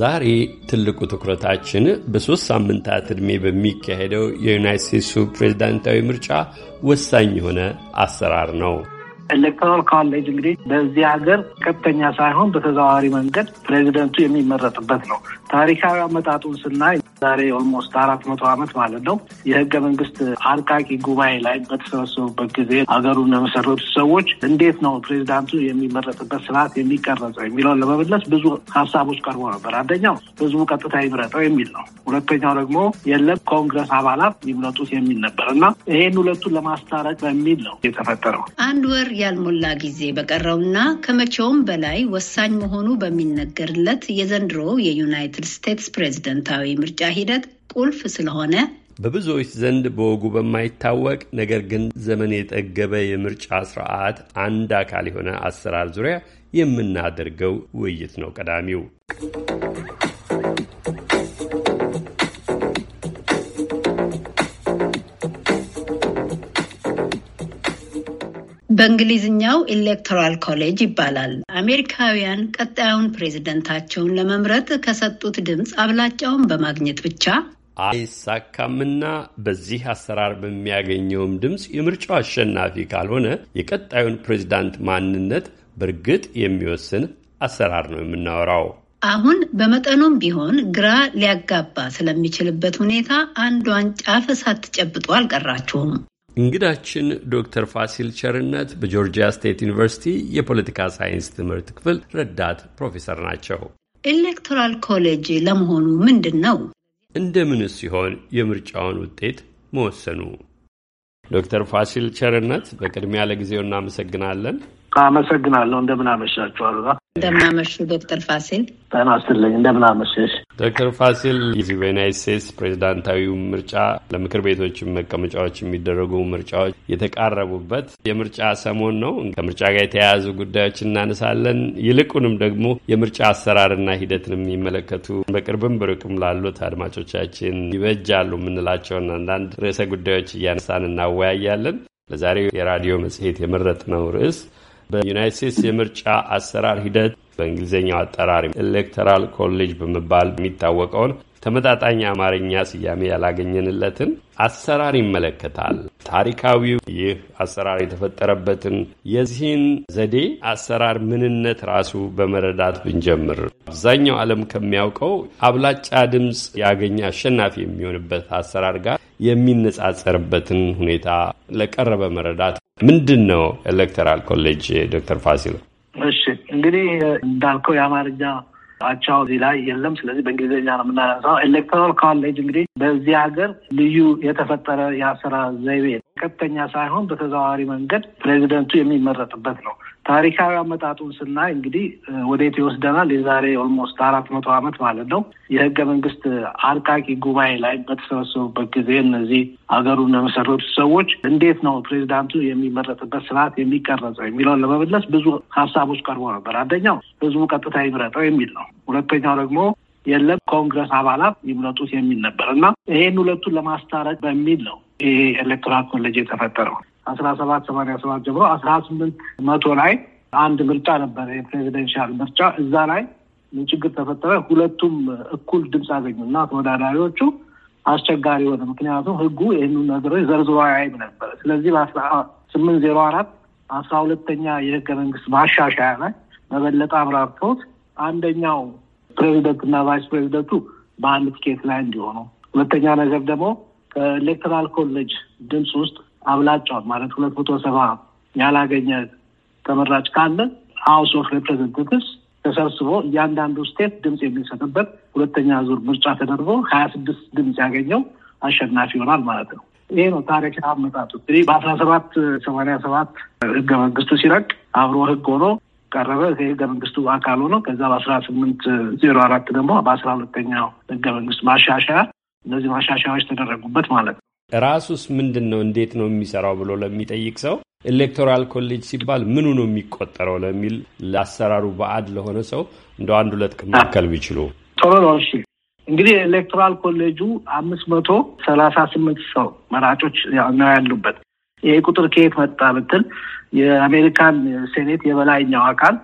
ዛሬ ትልቁ ትኩረታችን በሦስት ሳምንታት ዕድሜ በሚካሄደው የዩናይት ስቴትሱ ፕሬዝዳንታዊ ምርጫ ወሳኝ የሆነ አሰራር ነው። ኤሌክቶራል ካሌጅ እንግዲህ በዚህ ሀገር ቀጥተኛ ሳይሆን በተዘዋዋሪ መንገድ ፕሬዚደንቱ የሚመረጥበት ነው። ታሪካዊ አመጣጡን ስናይ ዛሬ ኦልሞስት አራት መቶ ዓመት ማለት ነው የህገ መንግስት አርቃቂ ጉባኤ ላይ በተሰበሰቡበት ጊዜ ሀገሩን ለመሰረቱ ሰዎች እንዴት ነው ፕሬዚዳንቱ የሚመረጥበት ስርዓት የሚቀረጸው የሚለውን ለመመለስ ብዙ ሀሳቦች ቀርቦ ነበር። አንደኛው ህዝቡ ቀጥታ ይምረጠው የሚል ነው። ሁለተኛው ደግሞ የለም ኮንግረስ አባላት ይምረጡት የሚል ነበር እና ይሄን ሁለቱን ለማስታረቅ በሚል ነው የተፈጠረው። አንድ ወር ያልሞላ ጊዜ በቀረውና ከመቼውም በላይ ወሳኝ መሆኑ በሚነገርለት የዘንድሮ የዩናይትድ ስቴትስ ፕሬዚደንታዊ ምርጫ ሂደት ቁልፍ ስለሆነ በብዙዎች ዘንድ በወጉ በማይታወቅ ነገር ግን ዘመን የጠገበ የምርጫ ስርዓት አንድ አካል የሆነ አሰራር ዙሪያ የምናደርገው ውይይት ነው ቀዳሚው። በእንግሊዝኛው ኤሌክቶራል ኮሌጅ ይባላል። አሜሪካውያን ቀጣዩን ፕሬዝደንታቸውን ለመምረጥ ከሰጡት ድምፅ አብላጫውን በማግኘት ብቻ አይሳካምና በዚህ አሰራር በሚያገኘውም ድምፅ የምርጫው አሸናፊ ካልሆነ የቀጣዩን ፕሬዝዳንት ማንነት በእርግጥ የሚወስን አሰራር ነው የምናወራው። አሁን በመጠኑም ቢሆን ግራ ሊያጋባ ስለሚችልበት ሁኔታ አንዷን ጫፍ ሳትጨብጡ አልቀራችሁም። እንግዳችን ዶክተር ፋሲል ቸርነት በጆርጂያ ስቴት ዩኒቨርሲቲ የፖለቲካ ሳይንስ ትምህርት ክፍል ረዳት ፕሮፌሰር ናቸው። ኤሌክቶራል ኮሌጅ ለመሆኑ ምንድን ነው? እንደምንስ ሲሆን የምርጫውን ውጤት መወሰኑ? ዶክተር ፋሲል ቸርነት በቅድሚያ ለጊዜው እናመሰግናለን። አመሰግናለሁ። እንደምን አመሻችሁ አሉላ። እንደምናመሹ ዶክተር ፋሲል ጤና ይስጥልኝ። ዶክተር ፋሲል የዚህ በዩናይት ስቴትስ ፕሬዚዳንታዊ ምርጫ ለምክር ቤቶች መቀመጫዎች የሚደረጉ ምርጫዎች የተቃረቡበት የምርጫ ሰሞን ነው። ከምርጫ ጋር የተያያዙ ጉዳዮች እናነሳለን። ይልቁንም ደግሞ የምርጫ አሰራርና ሂደትን የሚመለከቱ በቅርብም ብርቅም ላሉት አድማጮቻችን ይበጃሉ የምንላቸውን አንዳንድ ርዕሰ ጉዳዮች እያነሳን እናወያያለን። ለዛሬው የራዲዮ መጽሔት የመረጥነው ርዕስ በዩናይት ስቴትስ የምርጫ አሰራር ሂደት በእንግሊዝኛው አጠራር ኤሌክተራል ኮሌጅ በመባል የሚታወቀውን ተመጣጣኝ አማርኛ ስያሜ ያላገኘንለትን አሰራር ይመለከታል። ታሪካዊው ይህ አሰራር የተፈጠረበትን የዚህን ዘዴ አሰራር ምንነት ራሱ በመረዳት ብንጀምር አብዛኛው ዓለም ከሚያውቀው አብላጫ ድምፅ ያገኘ አሸናፊ የሚሆንበት አሰራር ጋር የሚነጻጸርበትን ሁኔታ ለቀረበ መረዳት ምንድን ነው ኤሌክተራል ኮሌጅ? ዶክተር ፋሲል እሺ፣ እንግዲህ እንዳልከው የአማርኛ አቻው እዚህ ላይ የለም። ስለዚህ በእንግሊዝኛ ነው የምናነሳው። ኤሌክቶራል ኮሌጅ እንግዲህ በዚህ ሀገር ልዩ የተፈጠረ የአሰራር ዘይቤ ቀጥተኛ ሳይሆን በተዘዋዋሪ መንገድ ፕሬዚደንቱ የሚመረጥበት ነው። ታሪካዊ አመጣጡን ስናይ እንግዲህ ወዴት ይወስደናል? የዛሬ ኦልሞስት አራት መቶ ዓመት ማለት ነው የህገ መንግስት አርቃቂ ጉባኤ ላይ በተሰበሰቡበት ጊዜ እነዚህ ሀገሩን ለመሰረቱ ሰዎች እንዴት ነው ፕሬዚዳንቱ የሚመረጥበት ስርዓት የሚቀረጸው የሚለውን ለመመለስ ብዙ ሀሳቦች ቀርቦ ነበር። አንደኛው ህዝቡ ቀጥታ ይምረጠው የሚል ነው። ሁለተኛው ደግሞ የለም ኮንግረስ አባላት ይምረጡት የሚል ነበር እና ይሄን ሁለቱን ለማስታረቅ በሚል ነው ይሄ ኤሌክቶራል ኮሌጅ የተፈጠረው። አስራ ሰባት ሰማኒያ ሰባት ጀምሮ አስራ ስምንት መቶ ላይ አንድ ምርጫ ነበረ፣ የፕሬዚደንሻል ምርጫ። እዛ ላይ ምን ችግር ተፈጠረ? ሁለቱም እኩል ድምፅ አገኙ እና ተወዳዳሪዎቹ አስቸጋሪ ሆነ። ምክንያቱም ህጉ ይህን ነገሮች ዘርዝሮ አያይም ነበረ። ስለዚህ በአስራ ስምንት ዜሮ አራት አስራ ሁለተኛ የህገ መንግስት ማሻሻያ ላይ በበለጠ አብራርተውት አንደኛው እና ቫይስ ፕሬዚደንቱ በአንድ ትኬት ላይ እንዲሆኑ፣ ሁለተኛ ነገር ደግሞ ከኤሌክትራል ኮሌጅ ድምፅ ውስጥ አብላጫውን ማለት ሁለት መቶ ሰባ ያላገኘ ተመራጭ ካለ ሀውስ ኦፍ ሬፕሬዘንታቲቭስ ተሰብስቦ እያንዳንዱ ስቴት ድምፅ የሚሰጥበት ሁለተኛ ዙር ምርጫ ተደርጎ ሀያ ስድስት ድምፅ ያገኘው አሸናፊ ይሆናል ማለት ነው። ይሄ ነው ታሪክ አመጣጡ። እንግዲህ በአስራ ሰባት ሰማኒያ ሰባት ህገ መንግስቱ ሲረቅ አብሮ ህግ ሆኖ ቀረበ። የህገ መንግስቱ አካል ሆኖ ከዛ በአስራ ስምንት ዜሮ አራት ደግሞ በአስራ ሁለተኛው ህገ መንግስት ማሻሻያ እነዚህ ማሻሻያዎች ተደረጉበት ማለት ነው። ራሱስ ምንድን ነው እንዴት ነው የሚሰራው ብሎ ለሚጠይቅ ሰው ኤሌክቶራል ኮሌጅ ሲባል ምኑ ነው የሚቆጠረው ለሚል ለአሰራሩ በአድ ለሆነ ሰው እንደ አንድ ሁለት ማከል ቢችሉ ጥሩ ነው። እሺ እንግዲህ ኤሌክቶራል ኮሌጁ አምስት መቶ ሰላሳ ስምንት ሰው መራጮች ነው ያሉበት። ይህ ቁጥር ከየት መጣ ብትል የአሜሪካን ሴኔት የበላይኛው አካል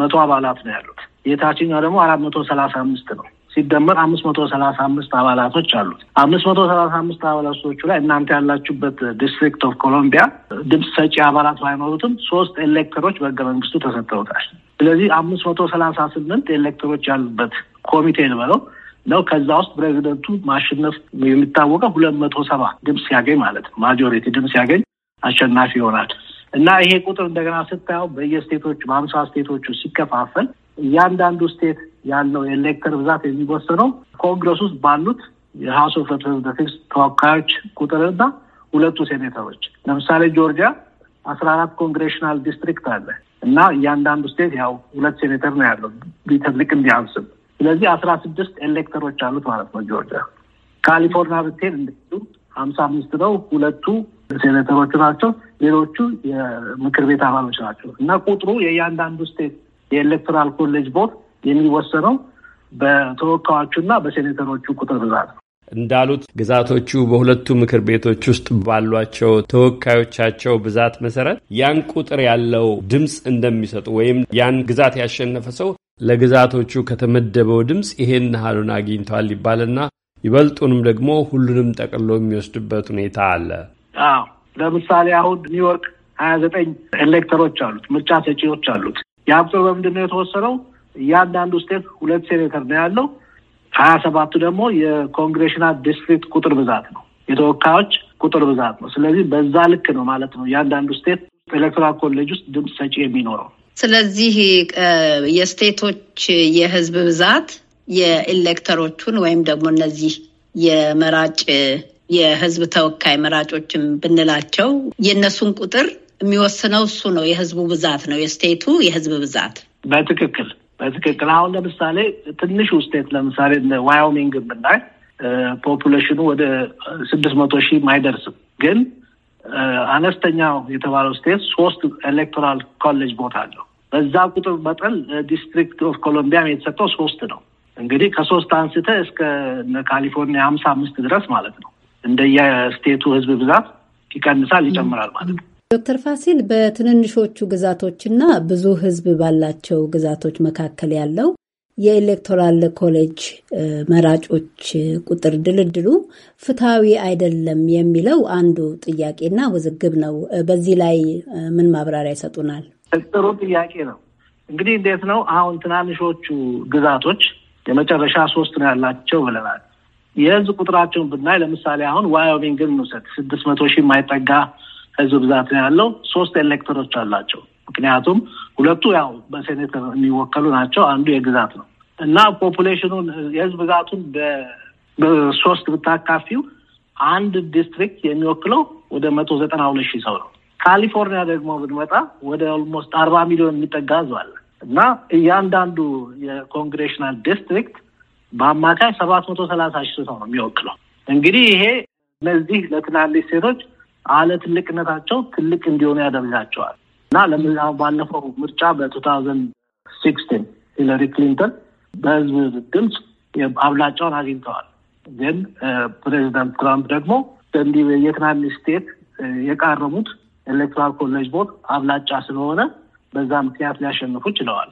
መቶ አባላት ነው ያሉት፣ የታችኛው ደግሞ አራት መቶ ሰላሳ አምስት ነው። ሲደመር አምስት መቶ ሰላሳ አምስት አባላቶች አሉት። አምስት መቶ ሰላሳ አምስት አባላቶቹ ላይ እናንተ ያላችሁበት ዲስትሪክት ኦፍ ኮሎምቢያ ድምፅ ሰጪ አባላት ባይኖሩትም ሶስት ኤሌክተሮች በህገ መንግስቱ ተሰጥተውታል። ስለዚህ አምስት መቶ ሰላሳ ስምንት ኤሌክተሮች ያሉበት ኮሚቴ ንበለው ነው። ከዛ ውስጥ ፕሬዚደንቱ ማሸነፍ የሚታወቀው ሁለት መቶ ሰባ ድምፅ ሲያገኝ ማለት ነው። ማጆሪቲ ድምፅ ሲያገኝ አሸናፊ ይሆናል እና ይሄ ቁጥር እንደገና ስታየው በየስቴቶቹ በአምሳ ስቴቶቹ ሲከፋፈል እያንዳንዱ ስቴት ያለው የኤሌክተር ብዛት የሚወሰነው ኮንግረስ ውስጥ ባሉት የሀውስ ኦፍ ሪፕሬዘንታቲቭስ ተወካዮች ቁጥርና ሁለቱ ሴኔተሮች። ለምሳሌ ጆርጂያ አስራ አራት ኮንግሬሽናል ዲስትሪክት አለ እና እያንዳንዱ ስቴት ያው ሁለት ሴኔተር ነው ያለው ቢትልቅም ቢያንስም። ስለዚህ አስራ ስድስት ኤሌክተሮች አሉት ማለት ነው ጆርጂያ። ካሊፎርኒያ ብትሄድ እንዲሁ ሀምሳ አምስት ነው ሁለቱ ሴኔተሮቹ ናቸው፣ ሌሎቹ የምክር ቤት አባሎች ናቸው እና ቁጥሩ የእያንዳንዱ ስቴት የኤሌክቶራል ኮሌጅ ቦርድ የሚወሰነው በተወካዮቹና በሴኔተሮቹ ቁጥር ብዛት ነው። እንዳሉት ግዛቶቹ በሁለቱ ምክር ቤቶች ውስጥ ባሏቸው ተወካዮቻቸው ብዛት መሰረት ያን ቁጥር ያለው ድምፅ እንደሚሰጡ ወይም ያን ግዛት ያሸነፈ ሰው ለግዛቶቹ ከተመደበው ድምፅ ይሄን ሀሉን አግኝተዋል ይባልና ይበልጡንም ደግሞ ሁሉንም ጠቅሎ የሚወስድበት ሁኔታ አለ። አዎ፣ ለምሳሌ አሁን ኒውዮርክ ሀያ ዘጠኝ ኤሌክተሮች አሉት፣ ምርጫ ሰጪዎች አሉት። ያ ቁጥር በምንድን ነው የተወሰነው? እያንዳንዱ ስቴት ሁለት ሴኔተር ነው ያለው። ሀያ ሰባቱ ደግሞ የኮንግሬሽናል ዲስትሪክት ቁጥር ብዛት ነው፣ የተወካዮች ቁጥር ብዛት ነው። ስለዚህ በዛ ልክ ነው ማለት ነው እያንዳንዱ ስቴት ኤሌክቶራል ኮሌጅ ውስጥ ድምፅ ሰጪ የሚኖረው። ስለዚህ የስቴቶች የህዝብ ብዛት የኤሌክተሮቹን ወይም ደግሞ እነዚህ የመራጭ የህዝብ ተወካይ መራጮችን ብንላቸው የእነሱን ቁጥር የሚወስነው እሱ ነው፣ የህዝቡ ብዛት ነው የስቴቱ የህዝብ ብዛት በትክክል በትክክል አሁን ለምሳሌ ትንሹ ስቴት ለምሳሌ ዋዮሚንግ ብናይ ፖፑሌሽኑ ወደ ስድስት መቶ ሺህ አይደርስም። ግን አነስተኛው የተባለው ስቴት ሶስት ኤሌክቶራል ኮሌጅ ቦታ አለው። በዛ ቁጥር መጠን ዲስትሪክት ኦፍ ኮሎምቢያም የተሰጠው ሶስት ነው። እንግዲህ ከሶስት አንስተ እስከ ካሊፎርኒያ ሀምሳ አምስት ድረስ ማለት ነው። እንደየስቴቱ ህዝብ ብዛት ይቀንሳል፣ ይጨምራል ማለት ነው። ዶክተር ፋሲል በትንንሾቹ ግዛቶችና ብዙ ህዝብ ባላቸው ግዛቶች መካከል ያለው የኤሌክቶራል ኮሌጅ መራጮች ቁጥር ድልድሉ ፍትሐዊ አይደለም የሚለው አንዱ ጥያቄና ውዝግብ ነው። በዚህ ላይ ምን ማብራሪያ ይሰጡናል? ጥሩ ጥያቄ ነው። እንግዲህ እንዴት ነው አሁን ትናንሾቹ ግዛቶች የመጨረሻ ሶስት ነው ያላቸው ብለናል። የህዝብ ቁጥራቸውን ብናይ ለምሳሌ አሁን ዋዮሚንግን እንውሰድ። ስድስት መቶ ሺህ የማይጠጋ ህዝብ ብዛት ነው ያለው። ሶስት ኤሌክተሮች አላቸው። ምክንያቱም ሁለቱ ያው በሴኔት የሚወከሉ ናቸው፣ አንዱ የግዛት ነው እና ፖፑሌሽኑን የህዝብ ብዛቱን በሶስት ብታካፊው አንድ ዲስትሪክት የሚወክለው ወደ መቶ ዘጠና ሁለት ሺህ ሰው ነው። ካሊፎርኒያ ደግሞ ብንመጣ ወደ ኦልሞስት አርባ ሚሊዮን የሚጠጋ ህዝብ አለ እና እያንዳንዱ የኮንግሬሽናል ዲስትሪክት በአማካይ ሰባት መቶ ሰላሳ ሺህ ሰው ነው የሚወክለው። እንግዲህ ይሄ እነዚህ ለትናንሽ ሴቶች አለ ትልቅነታቸው ትልቅ እንዲሆኑ ያደርጋቸዋል እና ባለፈው ምርጫ በቱ ታውዘንድ ሲክስቲን ሂለሪ ክሊንተን በህዝብ ድምፅ አብላጫውን አግኝተዋል። ግን ፕሬዚዳንት ትራምፕ ደግሞ እንዲህ የትናንሽ ስቴት የቃረሙት ኤሌክትራል ኮሌጅ ቦት አብላጫ ስለሆነ በዛ ምክንያት ሊያሸንፉ ችለዋል።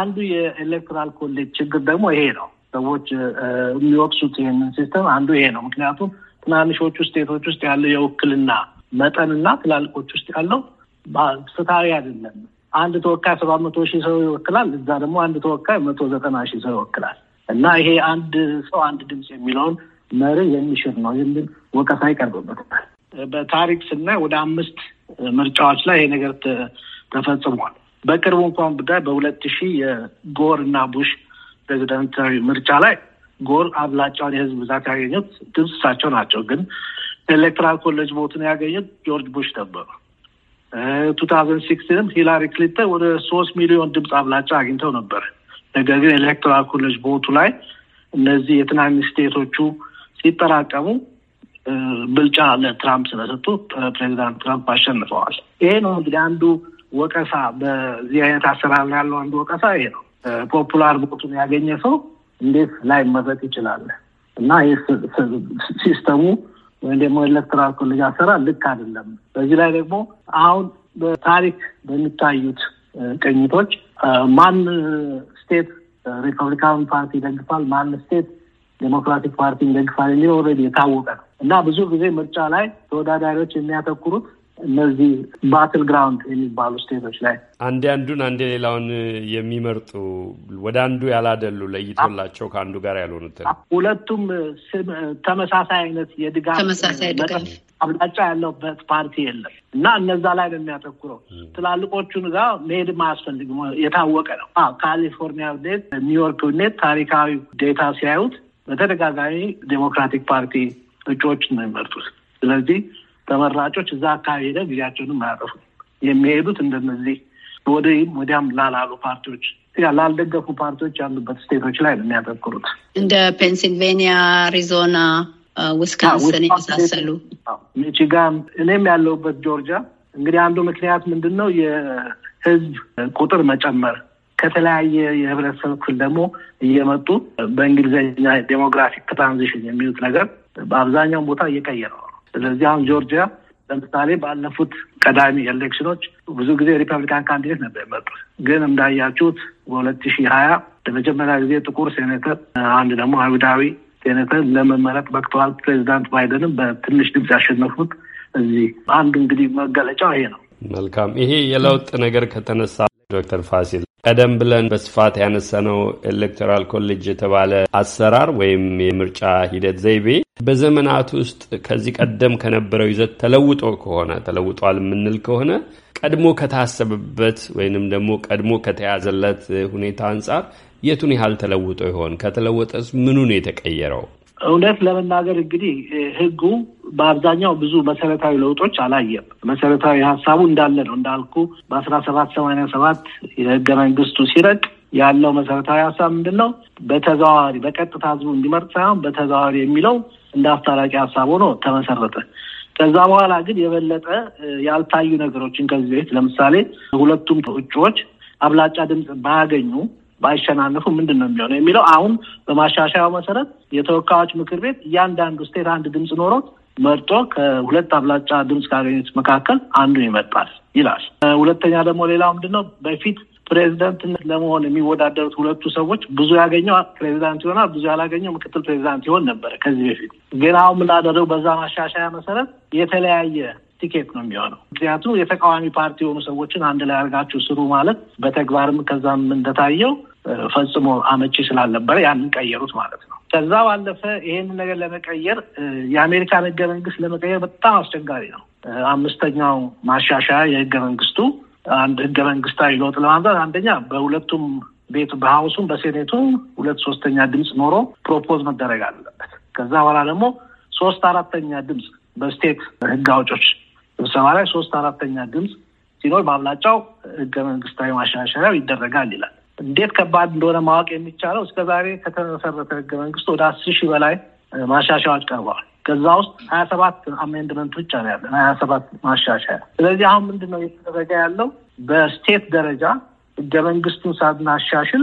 አንዱ የኤሌክትራል ኮሌጅ ችግር ደግሞ ይሄ ነው። ሰዎች የሚወቅሱት ይህንን ሲስተም አንዱ ይሄ ነው። ምክንያቱም ትናንሾቹ ስቴቶች ውስጥ ያለው የውክልና መጠንና ትላልቆች ውስጥ ያለው ፍትሐዊ አይደለም። አንድ ተወካይ ሰባት መቶ ሺህ ሰው ይወክላል፣ እዛ ደግሞ አንድ ተወካይ መቶ ዘጠና ሺህ ሰው ይወክላል እና ይሄ አንድ ሰው አንድ ድምፅ የሚለውን መርህ የሚሽር ነው የሚል ወቀሳ ይቀርብበታል። በታሪክ ስናይ ወደ አምስት ምርጫዎች ላይ ይሄ ነገር ተፈጽሟል። በቅርቡ እንኳን ብታይ በሁለት ሺህ የጎር እና ቡሽ ፕሬዚዳንታዊ ምርጫ ላይ ጎል አብላጫውን የህዝብ ብዛት ያገኙት ድምፅ እሳቸው ናቸው። ግን ኤሌክትራል ኮሌጅ ቦትን ያገኙት ጆርጅ ቡሽ ነበሩ። ቱ ታውዘንድ ሲክስቲንም ሂላሪ ክሊንተን ወደ ሶስት ሚሊዮን ድምፅ አብላጫ አግኝተው ነበር። ነገር ግን ኤሌክትራል ኮሌጅ ቦቱ ላይ እነዚህ የትናንሽ ስቴቶቹ ሲጠራቀሙ ብልጫ ለትራምፕ ስለሰጡ ፕሬዚዳንት ትራምፕ አሸንፈዋል። ይሄ ነው እንግዲህ አንዱ ወቀሳ፣ በዚህ አይነት አሰራር ያለው አንዱ ወቀሳ ይሄ ነው። ፖፑላር ቦቱን ያገኘ ሰው እንዴት ላይ መረጥ ይችላል እና ይህ ሲስተሙ ወይም ደግሞ ኤሌክትራል ኮሌጅ አሰራር ልክ አይደለም። በዚህ ላይ ደግሞ አሁን በታሪክ በሚታዩት ቅኝቶች ማን ስቴት ሪፐብሊካን ፓርቲ ይደግፋል፣ ማን ስቴት ዴሞክራቲክ ፓርቲ ይደግፋል የሚለው ኦልሬዲ የታወቀ ነው እና ብዙ ጊዜ ምርጫ ላይ ተወዳዳሪዎች የሚያተኩሩት እነዚህ ባትል ግራውንድ የሚባሉ ስቴቶች ላይ አንዴ አንዱን አንዴ ሌላውን የሚመርጡ ወደ አንዱ ያላደሉ ለይቶላቸው ከአንዱ ጋር ያልሆኑት ሁለቱም ተመሳሳይ አይነት የድጋፍ ተመሳሳይ ድጋፍ አብላጫ ያለበት ፓርቲ የለም እና እነዛ ላይ ነው የሚያተኩረው። ትላልቆቹን ጋር መሄድ አያስፈልግም፣ የታወቀ ነው። ካሊፎርኒያ ዴት፣ ኒውዮርክ ዴት ታሪካዊ ዴታ ሲያዩት በተደጋጋሚ ዴሞክራቲክ ፓርቲ እጩዎች ነው የሚመርጡት። ስለዚህ ተመራጮች እዛ አካባቢ ሄደ ጊዜያቸውንም አያጠፉ የሚሄዱት እንደነዚህ ወደይም ወዲያም ላላሉ ፓርቲዎች ላልደገፉ ፓርቲዎች ያሉበት ስቴቶች ላይ ነው የሚያተኩሩት እንደ ፔንሲልቬኒያ፣ አሪዞና፣ ዊስካንስን የመሳሰሉ ሚቺጋን፣ እኔም ያለውበት ጆርጂያ። እንግዲህ አንዱ ምክንያት ምንድን ነው የህዝብ ቁጥር መጨመር ከተለያየ የህብረተሰብ ክፍል ደግሞ እየመጡ በእንግሊዝኛ ዴሞግራፊክ ትራንዚሽን የሚሉት ነገር በአብዛኛውን ቦታ እየቀየረ ነው። ስለዚህ አሁን ጆርጂያ ለምሳሌ ባለፉት ቀዳሚ ኤሌክሽኖች ብዙ ጊዜ ሪፐብሊካን ካንዲዴት ነበር የመጡት። ግን እንዳያችሁት በሁለት ሺህ ሀያ ለመጀመሪያ ጊዜ ጥቁር ሴኔተር፣ አንድ ደግሞ አይሁዳዊ ሴኔተር ለመመረጥ በቅተዋል። ፕሬዚዳንት ባይደንም በትንሽ ድምፅ ያሸነፉት እዚህ አንዱ እንግዲህ መገለጫው ይሄ ነው። መልካም ይሄ የለውጥ ነገር ከተነሳ ዶክተር ፋሲል ቀደም ብለን በስፋት ያነሳነው ኤሌክቶራል ኮሌጅ የተባለ አሰራር ወይም የምርጫ ሂደት ዘይቤ በዘመናት ውስጥ ከዚህ ቀደም ከነበረው ይዘት ተለውጦ ከሆነ ተለውጧል የምንል ከሆነ ቀድሞ ከታሰበበት ወይንም ደግሞ ቀድሞ ከተያዘለት ሁኔታ አንጻር የቱን ያህል ተለውጦ ይሆን? ከተለወጠስ ምኑን የተቀየረው? እውነት ለመናገር እንግዲህ ህጉ በአብዛኛው ብዙ መሰረታዊ ለውጦች አላየም። መሰረታዊ ሀሳቡ እንዳለ ነው። እንዳልኩ በአስራ ሰባት ሰማንያ ሰባት የህገ መንግስቱ ሲረቅ ያለው መሰረታዊ ሀሳብ ምንድን ነው? በተዘዋዋሪ በቀጥታ ህዝቡ እንዲመርጥ ሳይሆን በተዘዋዋሪ የሚለው እንደ አስታራቂ ሀሳብ ሆኖ ተመሰረተ። ከዛ በኋላ ግን የበለጠ ያልታዩ ነገሮችን ከዚህ በፊት ለምሳሌ ሁለቱም እጩዎች አብላጫ ድምፅ ባያገኙ ባይሸናነፉ ምንድን ነው የሚሆነው የሚለው አሁን በማሻሻያው መሰረት የተወካዮች ምክር ቤት እያንዳንዱ ስቴት አንድ ድምፅ ኖሮት መርጦ ከሁለት አብላጫ ድምፅ ካገኙት መካከል አንዱ ይመጣል ይላል። ሁለተኛ ደግሞ ሌላው ምንድን ነው በፊት ፕሬዚደንትነት ለመሆን የሚወዳደሩት ሁለቱ ሰዎች ብዙ ያገኘው ፕሬዚዳንት ይሆናል፣ ብዙ ያላገኘው ምክትል ፕሬዚዳንት ይሆን ነበረ ከዚህ በፊት። ግን አሁን ምናደረው በዛ ማሻሻያ መሰረት የተለያየ ቲኬት ነው የሚሆነው። ምክንያቱም የተቃዋሚ ፓርቲ የሆኑ ሰዎችን አንድ ላይ አድርጋችሁ ስሩ ማለት በተግባርም ከዛም እንደታየው ፈጽሞ አመቺ ስላልነበረ ያንን ቀየሩት ማለት ነው። ከዛ ባለፈ ይሄንን ነገር ለመቀየር የአሜሪካን ህገ መንግስት ለመቀየር በጣም አስቸጋሪ ነው። አምስተኛው ማሻሻያ የህገ መንግስቱ አንድ ህገ መንግስታዊ ለውጥ ለማምጣት አንደኛ በሁለቱም ቤቱ በሀውሱም በሴኔቱም ሁለት ሶስተኛ ድምፅ ኖሮ ፕሮፖዝ መደረግ አለበት። ከዛ በኋላ ደግሞ ሶስት አራተኛ ድምፅ በስቴት ህግ አውጮች ስብሰባ ላይ ሶስት አራተኛ ድምፅ ሲኖር በአብላጫው ህገ መንግስታዊ ማሻሻያው ይደረጋል ይላል። እንዴት ከባድ እንደሆነ ማወቅ የሚቻለው እስከ ዛሬ ከተመሰረተ ህገ መንግስት ወደ አስር ሺህ በላይ ማሻሻያዎች ቀርበዋል። ከዛ ውስጥ ሀያ ሰባት አሜንድመንት ብቻ ነው ያለን፣ ሀያ ሰባት ማሻሻያ። ስለዚህ አሁን ምንድን ነው እየተደረገ ያለው? በስቴት ደረጃ ህገ መንግስቱን ሳናሻሽል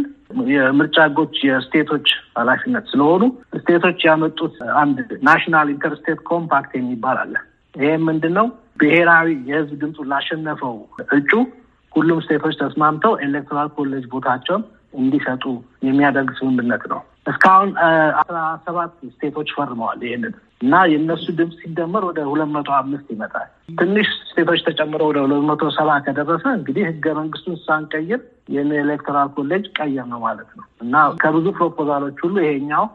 የምርጫ ህጎች የስቴቶች ኃላፊነት ስለሆኑ ስቴቶች ያመጡት አንድ ናሽናል ኢንተርስቴት ኮምፓክት የሚባል አለ ይህም ምንድን ነው? ብሔራዊ የህዝብ ድምፁ ላሸነፈው እጩ ሁሉም ስቴቶች ተስማምተው ኤሌክቶራል ኮሌጅ ቦታቸውን እንዲሰጡ የሚያደርግ ስምምነት ነው። እስካሁን አስራ ሰባት ስቴቶች ፈርመዋል ይህንን እና የእነሱ ድምፅ ሲደመር ወደ ሁለት መቶ አምስት ይመጣል። ትንሽ ስቴቶች ተጨምረው ወደ ሁለት መቶ ሰባ ከደረሰ እንግዲህ ህገ መንግስቱን ሳንቀይር ኤሌክትራል ኮሌጅ ቀየር ነው ማለት ነው እና ከብዙ ፕሮፖዛሎች ሁሉ ይሄኛው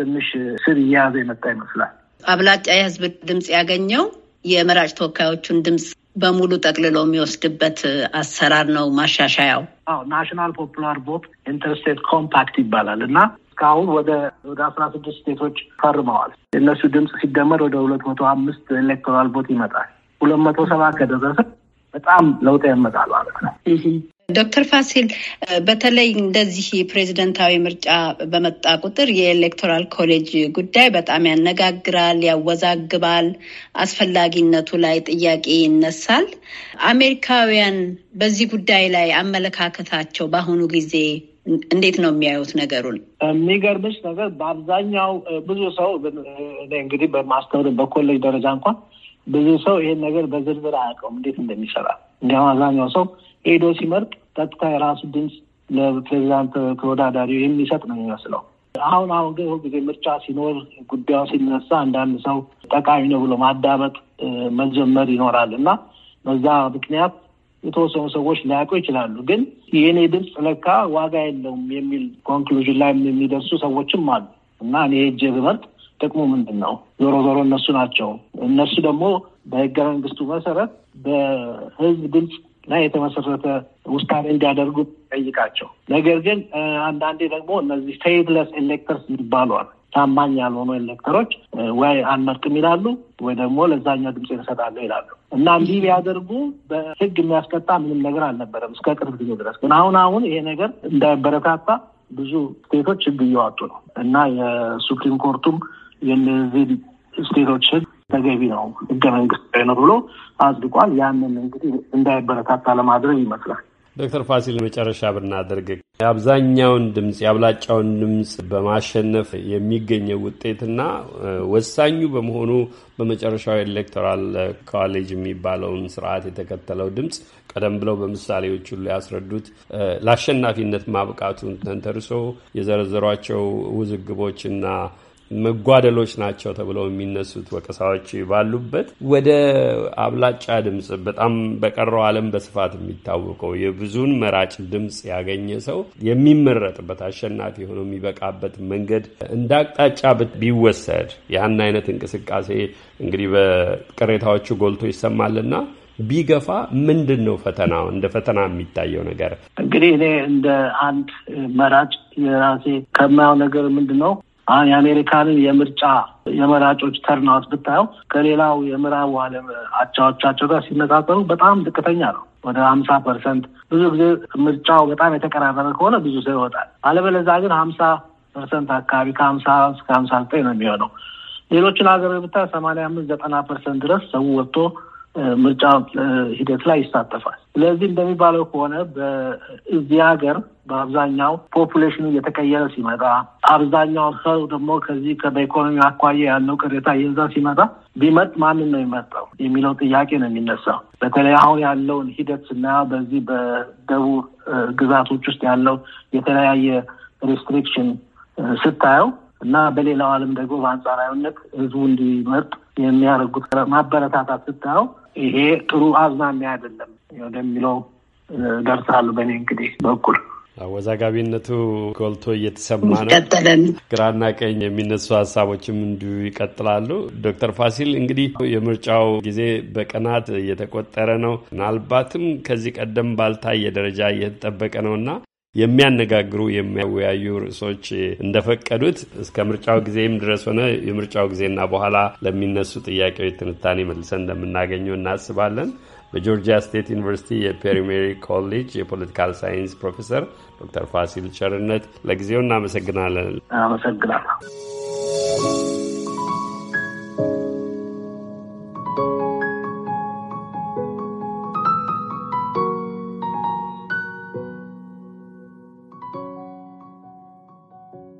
ትንሽ ስር እየያዘ የመጣ ይመስላል። አብላጫ የህዝብ ድምፅ ያገኘው የመራጭ ተወካዮቹን ድምፅ በሙሉ ጠቅልሎ የሚወስድበት አሰራር ነው ማሻሻያው። አዎ ናሽናል ፖፑላር ቮት ኢንተርስቴት ኮምፓክት ይባላል እና እስካሁን ወደ ወደ አስራ ስድስት ስቴቶች ፈርመዋል። የእነሱ ድምፅ ሲደመር ወደ ሁለት መቶ አምስት ኤሌክቶራል ቦት ይመጣል። ሁለት መቶ ሰባ ከደረሰ በጣም ለውጥ ያመጣል ማለት ነው። ዶክተር ፋሲል በተለይ እንደዚህ ፕሬዚደንታዊ ምርጫ በመጣ ቁጥር የኤሌክቶራል ኮሌጅ ጉዳይ በጣም ያነጋግራል፣ ያወዛግባል፣ አስፈላጊነቱ ላይ ጥያቄ ይነሳል። አሜሪካውያን በዚህ ጉዳይ ላይ አመለካከታቸው በአሁኑ ጊዜ እንዴት ነው የሚያዩት ነገሩን? የሚገርምሽ ነገር በአብዛኛው ብዙ ሰው እንግዲህ በማስተር በኮሌጅ ደረጃ እንኳን ብዙ ሰው ይሄን ነገር በዝርዝር አያውቀውም እንዴት እንደሚሰራ እንዲያውም አብዛኛው ሰው ሄዶ ሲመርጥ ቀጥታ የራሱ ድምፅ ለፕሬዚዳንት ተወዳዳሪው የሚሰጥ ነው የሚመስለው። አሁን አሁን ግን ሁልጊዜ ምርጫ ሲኖር ጉዳዩ ሲነሳ አንዳንድ ሰው ጠቃሚ ነው ብሎ ማዳመጥ መጀመር ይኖራል እና በዛ ምክንያት የተወሰኑ ሰዎች ሊያውቁ ይችላሉ። ግን የእኔ ድምፅ ለካ ዋጋ የለውም የሚል ኮንክሉዥን ላይ የሚደርሱ ሰዎችም አሉ እና እኔ ሄጄ ብመርጥ ጥቅሙ ምንድን ነው? ዞሮ ዞሮ እነሱ ናቸው። እነሱ ደግሞ በህገ መንግስቱ መሰረት በህዝብ ድምፅ ላይ የተመሰረተ ውሳኔ እንዲያደርጉ ጠይቃቸው። ነገር ግን አንዳንዴ ደግሞ እነዚህ ፌይድለስ ኤሌክተርስ ይባሏል። ታማኝ ያልሆኑ ኤሌክተሮች ወይ አንመርቅም ይላሉ ወይ ደግሞ ለዛኛው ድምፅ እንሰጣለሁ ይላሉ እና እንዲህ ቢያደርጉ በህግ የሚያስቀጣ ምንም ነገር አልነበረም እስከ ቅርብ ጊዜ ድረስ። ግን አሁን አሁን ይሄ ነገር እንዳይበረታታ ብዙ ስቴቶች ህግ እየዋጡ ነው እና የሱፕሪም ኮርቱም የነዚህ ስቴቶች ህግ ተገቢ ነው፣ ህገ መንግስታዊ ነው ብሎ አጽድቋል። ያንን እንግዲህ እንዳይበረታታ ለማድረግ ይመስላል። ዶክተር ፋሲል መጨረሻ ብናደርግ የአብዛኛውን ድምፅ የአብላጫውን ድምፅ በማሸነፍ የሚገኘው ውጤትና ወሳኙ በመሆኑ በመጨረሻው ኤሌክቶራል ኮሌጅ የሚባለውን ስርዓት የተከተለው ድምፅ ቀደም ብለው በምሳሌዎች ሁሉ ያስረዱት ለአሸናፊነት ማብቃቱን ተንተርሶ የዘረዘሯቸው ውዝግቦችና መጓደሎች ናቸው ተብለው የሚነሱት ወቀሳዎች ባሉበት ወደ አብላጫ ድምፅ በጣም በቀረው ዓለም በስፋት የሚታወቀው የብዙን መራጭ ድምፅ ያገኘ ሰው የሚመረጥበት አሸናፊ ሆነው የሚበቃበት መንገድ እንደ አቅጣጫ ቢወሰድ ያን አይነት እንቅስቃሴ እንግዲህ በቅሬታዎቹ ጎልቶ ይሰማልና ቢገፋ ምንድን ነው ፈተናው? እንደ ፈተና የሚታየው ነገር እንግዲህ እኔ እንደ አንድ መራጭ የራሴ ከማየው ነገር ምንድን ነው አሁን የአሜሪካንን የምርጫ የመራጮች ተርናውት ብታየው ከሌላው የምዕራቡ ዓለም አቻዎቻቸው ጋር ሲነጻጸሩ በጣም ዝቅተኛ ነው። ወደ ሀምሳ ፐርሰንት ብዙ ጊዜ ምርጫው በጣም የተቀራረበ ከሆነ ብዙ ሰው ይወጣል። አለበለዚያ ግን ሀምሳ ፐርሰንት አካባቢ ከሀምሳ እስከ ሀምሳ ዘጠኝ ነው የሚሆነው። ሌሎችን ሀገር ብታይ ሰማንያ አምስት ዘጠና ፐርሰንት ድረስ ሰው ወጥቶ ምርጫ ሂደት ላይ ይሳተፋል። ስለዚህ እንደሚባለው ከሆነ በዚህ ሀገር በአብዛኛው ፖፑሌሽኑ እየተቀየረ ሲመጣ አብዛኛው ሰው ደግሞ ከዚህ በኢኮኖሚ አኳያ ያለው ቅሬታ እየዛ ሲመጣ ቢመጥ ማንን ነው የሚመጣው የሚለው ጥያቄ ነው የሚነሳው። በተለይ አሁን ያለውን ሂደት ስናየው በዚህ በደቡብ ግዛቶች ውስጥ ያለው የተለያየ ሪስትሪክሽን ስታየው እና በሌላው ዓለም ደግሞ በአንጻራዊነት ህዝቡ እንዲመርጥ የሚያደርጉት ማበረታታት ስታየው ይሄ ጥሩ አዝማሚያ አይደለም። ወደሚለው ደርሳሉ። በእኔ እንግዲህ በኩል አወዛጋቢነቱ ጎልቶ እየተሰማ ነው። ግራና ቀኝ የሚነሱ ሀሳቦችም እንዲሁ ይቀጥላሉ። ዶክተር ፋሲል እንግዲህ የምርጫው ጊዜ በቀናት እየተቆጠረ ነው። ምናልባትም ከዚህ ቀደም ባልታየ ደረጃ እየተጠበቀ ነው እና የሚያነጋግሩ የሚያወያዩ ርዕሶች እንደፈቀዱት እስከ ምርጫው ጊዜም ድረስ ሆነ የምርጫው ጊዜና በኋላ ለሚነሱ ጥያቄዎች ትንታኔ መልሰን እንደምናገኘው እናስባለን። በጆርጂያ ስቴት ዩኒቨርሲቲ የፔሪሜሪ ኮሌጅ የፖለቲካል ሳይንስ ፕሮፌሰር ዶክተር ፋሲል ቸርነት ለጊዜው እናመሰግናለን። አመሰግናለሁ።